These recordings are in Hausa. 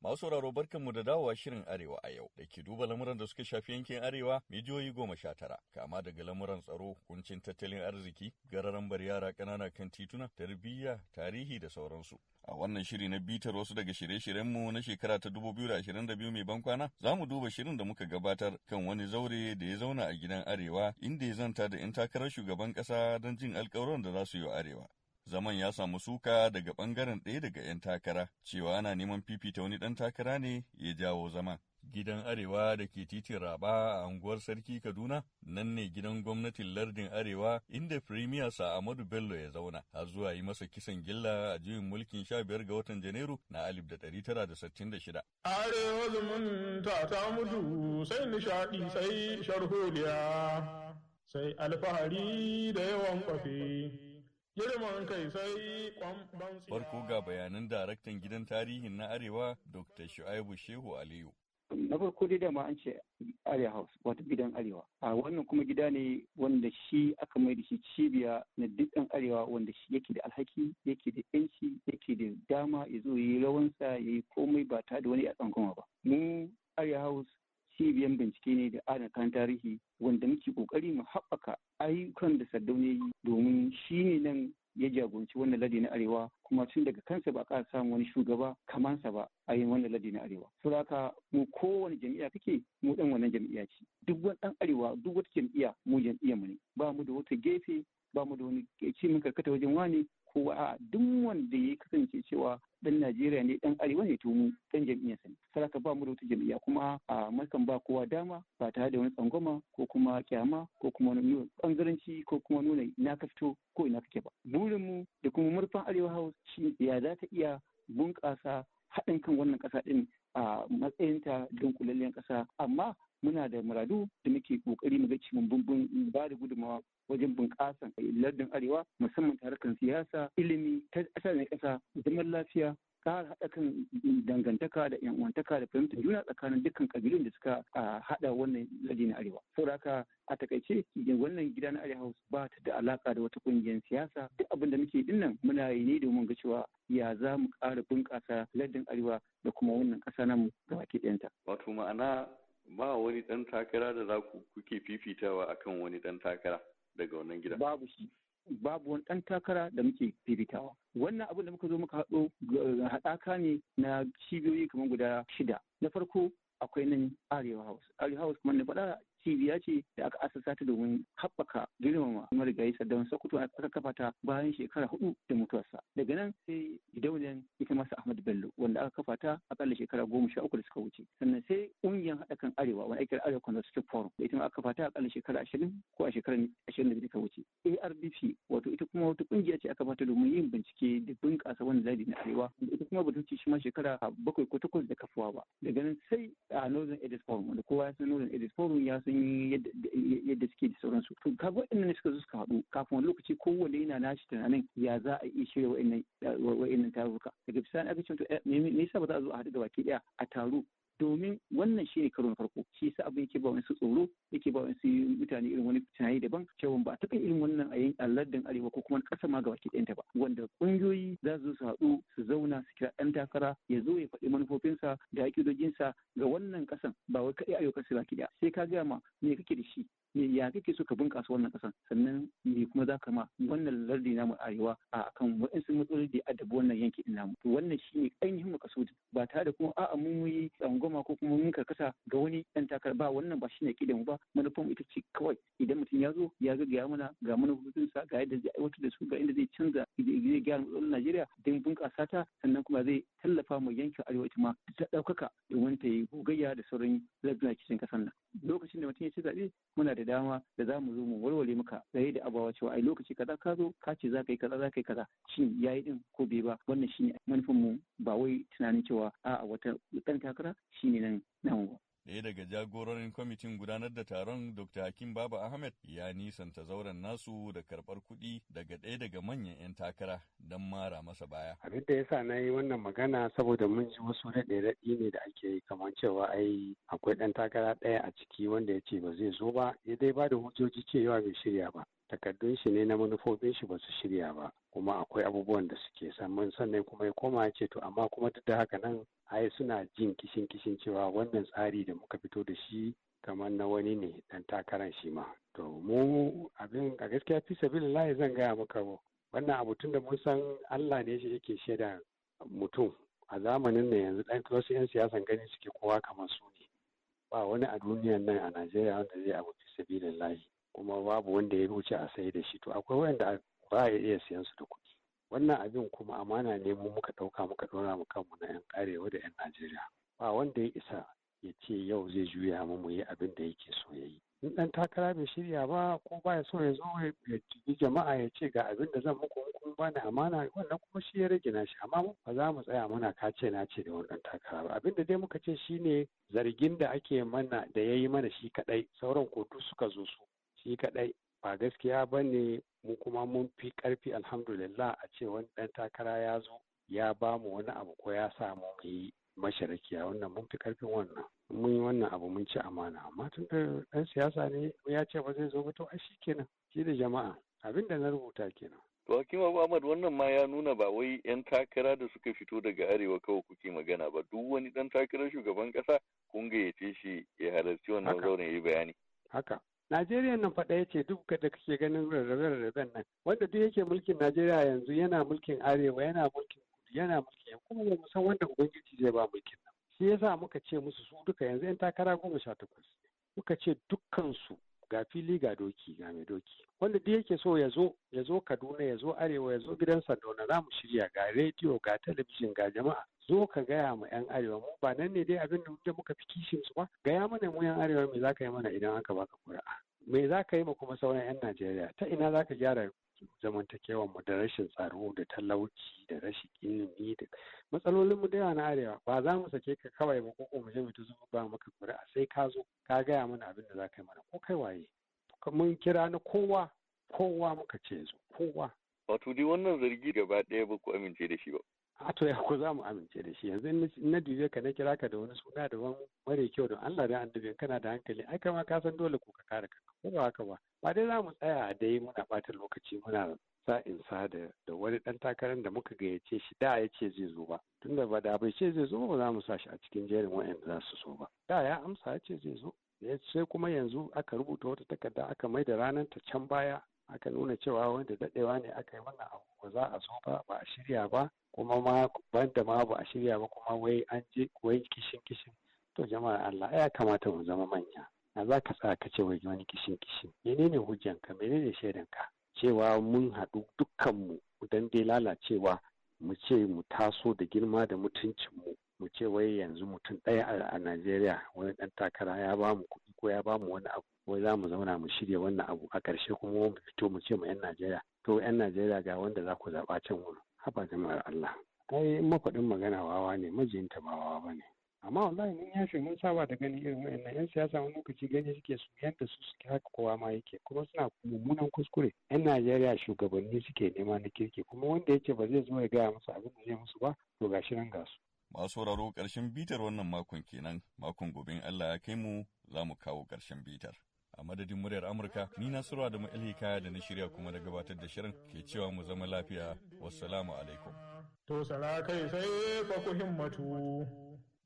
Masu sauraro mu da dawowa shirin Arewa a yau da ke duba lamuran da suka shafi yankin Arewa mijiyoyi goma sha tara, kama daga lamuran tsaro, kuncin tattalin arziki, gararan bar yara ƙanana kan tituna, tarbiyya, tarihi da sauransu. A wannan shiri na bitar wasu daga shirye-shiryenmu na shekara ta da 2022 mai bankwana, za mu duba shirin da muka gabatar kan wani zaure da ya zauna a gidan Arewa inda ya zanta da 'yan takarar shugaban ƙasa don jin alƙawuran da za su yi wa Arewa. Zaman ya samu suka daga ɓangaren ɗaya daga 'yan takara, cewa ana neman fifita wani ɗan takara ne ya jawo zaman. Gidan Arewa da ke titin Raba a unguwar Sarki Kaduna, nan ne gidan gwamnatin lardin Arewa inda Firimiya Amadu Bello ya zauna, har zuwa yi masa kisan gilla a juyin mulkin sha biyar ga watan Janairu na alif da tara 1966. Arewa zumunta ta mutu sai nishaɗi sai sharholiya, sai alfahari da yawan kwafi. Farko ga bayanan daraktan gidan tarihin na Arewa Dr. Shu'aibu Shehu Aliyu. Na farko dai dama an ce Area House wato gidan Arewa. A wannan kuma gida ne wanda shi aka mai da shi cibiya na dukkan Arewa wanda shi yake da alhaki, yake da yanci, yake da dama ya zo yi rawansa ya yi komai ba tare da wani a tsangwama ba. Mu Area House cibiyan bincike ne da ana kan tarihi wanda muke kokari mu haɓaka ayyukan da Sardauna ne domin shi ne nan ya jagoranci wannan ladi na arewa kuma tun daga kansa ba ƙara samun wani shugaba kamansa ba a yin wannan ladi na arewa so haka mu kowane jami'a kake mu dan wannan jami'a ce duk wani dan arewa duk wata jam'iyya mu jami'a mu ne ba mu da wata gefe ba mu da wani eh, ce mun karkata wajen wani kowa duk wanda ya kasance cewa dan Najeriya ne dan Arewa ne to mu dan jam'iyyar sa saraka ba mu da wata jam'iyya kuma a mulkan ba kowa dama ba tare da wani tsangwama ko kuma kyama ko kuma nuna bangaranci ko kuma nuna na ka fito ko ina kake ba burin mu da kuma murfan Arewa House shi ya za ta iya bunƙasa haɗin kan wannan ƙasa ɗin a matsayinta kulalliyar ƙasa amma muna da muradu da muke kokari mu ga cikin bumbun ba da gudunmawa wajen bunƙasan lardin arewa musamman ta harkar siyasa ilimi ta ƙasa da ƙasa zaman lafiya ƙara haɗa kan dangantaka da yan'uwantaka da fahimtar juna tsakanin dukkan ƙabilun da suka haɗa wannan lardi na arewa saboda haka a takaice wannan gida na arewa ba ta da alaka da wata ƙungiyar siyasa duk abin da muke nan muna yi ne domin ga cewa ya za mu ƙara bunƙasa lardin arewa da kuma wannan ƙasa namu baki ɗayanta. wato ma'ana ba wani dan takara da za ku kuke fifitawa akan wani dan takara daga wannan gida babu shi babu wani dan takara da muke fifitawa wannan abin da muka zo muka haɗo haɗaka ne na cibiyoyi kamar guda shida na farko akwai nan arewa house arewa house kuma na faɗa cibiya ce da aka asasa ta domin haɓaka girmama marigayi saddam sokoto aka kafa ta bayan shekara hudu da mutuwarsa daga nan sai gidauniyar ita masa Ahmad Bello wanda aka kafa ta akalla shekara goma sha uku da suka wuce sannan sai ƙungiyar haɗa kan Arewa wani ake Arewa Conservative Forum da ita ma aka kafa ta shekara ashirin ko a shekarar ashirin da biyu ta wuce ARDP wato ita kuma wata ƙungiya ce aka kafa ta domin yin bincike da bunƙasa wani zabi na Arewa ita kuma ba ta wuce shi ma shekara bakwai ko takwas da kafuwa ba Da ganin sai a Northern Edis Forum wanda kowa ya san Northern Edis Forum ya san yadda suke da sauransu to kaga waɗannan suka zo suka haɗu kafin wani lokaci kowanne yana nashi tunanin ya za a iya shirya waɗannan daga bisani aka ce to eh, me yasa ba za a zo a haɗu da baki ɗaya a taro domin wannan shi ne karo na farko shi yasa abin yake ba su tsoro yake ba wani mutane irin wani tunani daban cewa ba a taɓa irin wannan a yin alladin arewa ko kuma ƙasa ma gabaki ɗayanta ba wanda ƙungiyoyi za su su haɗu su zauna su kira ɗan takara ya zo ya faɗi manufofinsa da haƙidojinsa ga wannan ƙasan ba wai kaɗai ayyukan su baki ɗaya sai ka gaya ma me kake da shi me ya kake so ka bunƙasa wannan ƙasar sannan me kuma za ka ma wannan lardi namu arewa a kan waɗansu matsaloli da adabu wannan yanki ɗin namu to wannan shine ainihin makasudi ba tare da kuma a'a mun yi tsangwama ko kuma mun karkasa ga wani ɗan takar ba wannan ba shine kidan ba manufan ita ce kawai idan mutum ya zo ya ga gaya mana ga sa ga yadda zai aiwatar da su ga inda zai canza zai gyara matsalolin Najeriya don bunƙasa ta sannan kuma zai tallafa mu yankin arewa ita ma ta ɗaukaka domin ta yi gogayya da sauran lardunan cikin ƙasar nan lokacin da mutum ya ci zaɓe muna da dama da za mu zo mu warware maka tsaye da abawa cewa ai lokaci kaza ka zo ka ce za ka yi kaza za ka yi kaza shin yi din ko bai ba wannan shine manufin mu ba wai tunanin cewa a'a wata ɗan takara shi ne nan nan Ɗaya daga jagororin kwamitin gudanar da taron Dr. Hakim Baba Ahmed ya nisanta zauren nasu da karɓar kuɗi daga ɗaya daga manyan 'yan takara don mara masa baya. Abin da yasa na yi wannan magana saboda mun ji wasu raɗe-raɗi ne da ake yi kamar cewa ai akwai ɗan takara ɗaya a ciki wanda ya ce ba zai zo ba ya dai ba da hujjoji cewa bai shirya ba. Takardun shi ne na manufofin shi ba su shirya ba. kuma akwai abubuwan da suke samun sannan kuma ya koma ya ce to amma kuma duk da haka nan ai suna jin kishin kishin cewa wannan tsari da muka fito da shi kamar na wani ne dan takaran shi ma to mu abin a gaskiya fi sabilillahi zan gaya maka wannan abu tun da mun san Allah ne shi yake shaida mutum a zamanin ne yanzu dan wasu yan siyasan gani suke kowa kamar su ba wani a duniyan nan a Najeriya wanda zai abu fi sabilillahi kuma babu wanda ya wuce a sai da shi to akwai wanda ba ya iya siyan su da kuɗi wannan abin kuma amana ne mu muka ɗauka muka ɗora mu kanmu na 'yan ƙarewa da 'yan najeriya ba wanda ya isa ya ce yau zai juya mu mu yi abin da yake so ya yi in ɗan takara bai shirya ba ko ba ya so ya zo ya tuki jama'a ya ce ga abin da zan muku kun ba ni amana wannan kuma shi ya rage na shi amma ba za mu tsaya muna kace na ce da wani ɗan takara ba abin da dai muka ce shine zargin da ake mana da ya yi mana shi kaɗai sauran kotu suka zo su shi kaɗai ba gaskiya ba ne mu kuma mun fi ƙarfi alhamdulillah a ce wani ɗan takara ya zo ya ba mu wani abu ko ya sa mu yi masharakiya wannan mun fi ƙarfin wannan mun yi wannan abu mun ci amana amma tun da ɗan siyasa ne ya ce ba zai zo ba to ai shi kenan shi da jama'a abin da na rubuta kenan To Hakim Abu Ahmad wannan ma ya nuna ba wai 'yan takara da suka fito daga arewa kawai kuke magana ba duk wani ɗan takarar shugaban ƙasa kun gayyace shi ya halarci wannan zaune ya yi bayani. Haka. Najeriya nan faɗa ya ce duk da kake ganin rarrabe-rarraben nan wanda duk yake mulkin Najeriya yanzu yana mulkin arewa yana mulkin kudu yana mulkin kuma ba mu san wanda ubangiji zai ba mulkin nan. Shi yasa muka ce musu su duka yanzu 'yan takara goma sha takwas. Muka ce dukkansu ga fili ga doki ga mai doki wanda duk yake so ya zo ya zo kaduna ya zo arewa ya zo gidan sandauna za mu shirya ga rediyo ga talabijin ga jama'a zo ka gaya ma yan arewa mu ba nan ne dai abin da muka fi kishin su ba gaya mana mu yan arewa me za ka yi mana idan aka baka kura'a me za ka yi ma kuma sauran yan najeriya ta ina za ka gyara zamantakewar mu da rashin tsaro da talauci da rashin ilimi da matsalolin mu da yawa na arewa ba za mu sake ka kawai ba ko mu je mu ta zuba ba maka kuri'a sai ka zo ka gaya mana abin da za ka yi mana ko kai waye mun kira na kowa kowa muka ce zo kowa wato dai wannan zargi gaba ɗaya ba ku amince da shi ba a to ya ku za mu amince da shi yanzu na duje ka na kira ka da wani suna da wani mare kyau don Allah da annabi kana da hankali ai kama ka san dole ku ka kare ka ko ba haka ba ba dai za mu tsaya a dai muna ɓata lokaci muna sa in sa da da wani dan takarar da muka gayyace shi da ya ce zai zo ba tunda ba da bai ce zai zo ba za mu sa shi a cikin jerin wa'anda za su so ba da ya amsa ya ce zai zo sai kuma yanzu aka rubuta wata takarda aka mai da ranar ta can baya aka nuna cewa wanda dadewa ne aka yi wannan abu ba za a zo ba ba a shirya ba kuma ma banda ma ba a shirya ba kuma wai an je wai kishin kishin to jama'a Allah ya kamata mu zama manya a za ka tsaya ka ce wai wani kishin kishin menene hujjanka menene shaidanka cewa mun haɗu dukkanmu dan dai lalacewa mu ce mu taso da girma da mutuncinmu mu ce wai yanzu mutum ɗaya a Najeriya wani ɗan takara ya ba mu kuɗi ko ya ba mu wani abu wai za mu zauna mu shirya wannan abu a ƙarshe kuma mu fito mu ce mu 'yan Najeriya to 'yan Najeriya ga wanda za ku zaɓa can wuri haba jama'ar Allah kai mafaɗin magana wawa ne mijinta ba wawa ba ne amma wallahi mun yafe mun saba da ganin irin wannan. yan siyasa wani lokaci gani suke su yadda su suke haka kowa ma yake kuma suna mummunan kuskure yan Najeriya shugabanni suke nema na kirki kuma wanda yake ba zai zo ya gaya musu abin da zai musu ba to gashi nan ga su masu sauraro ƙarshen bitar wannan makon kenan makon gobe Allah ya kai mu za mu kawo ƙarshen bitar a madadin muryar amurka ni nasiru da ma'il hikaya da na shirya kuma da gabatar da shirin ke cewa mu zama lafiya wassalamu alaikum to sara kai sai fa ku himmatu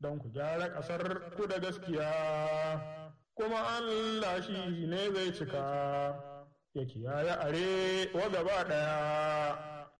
don ku gyara kasar ku da gaskiya kuma allah shi ne zai cika ya kiyaye are wa gaba daya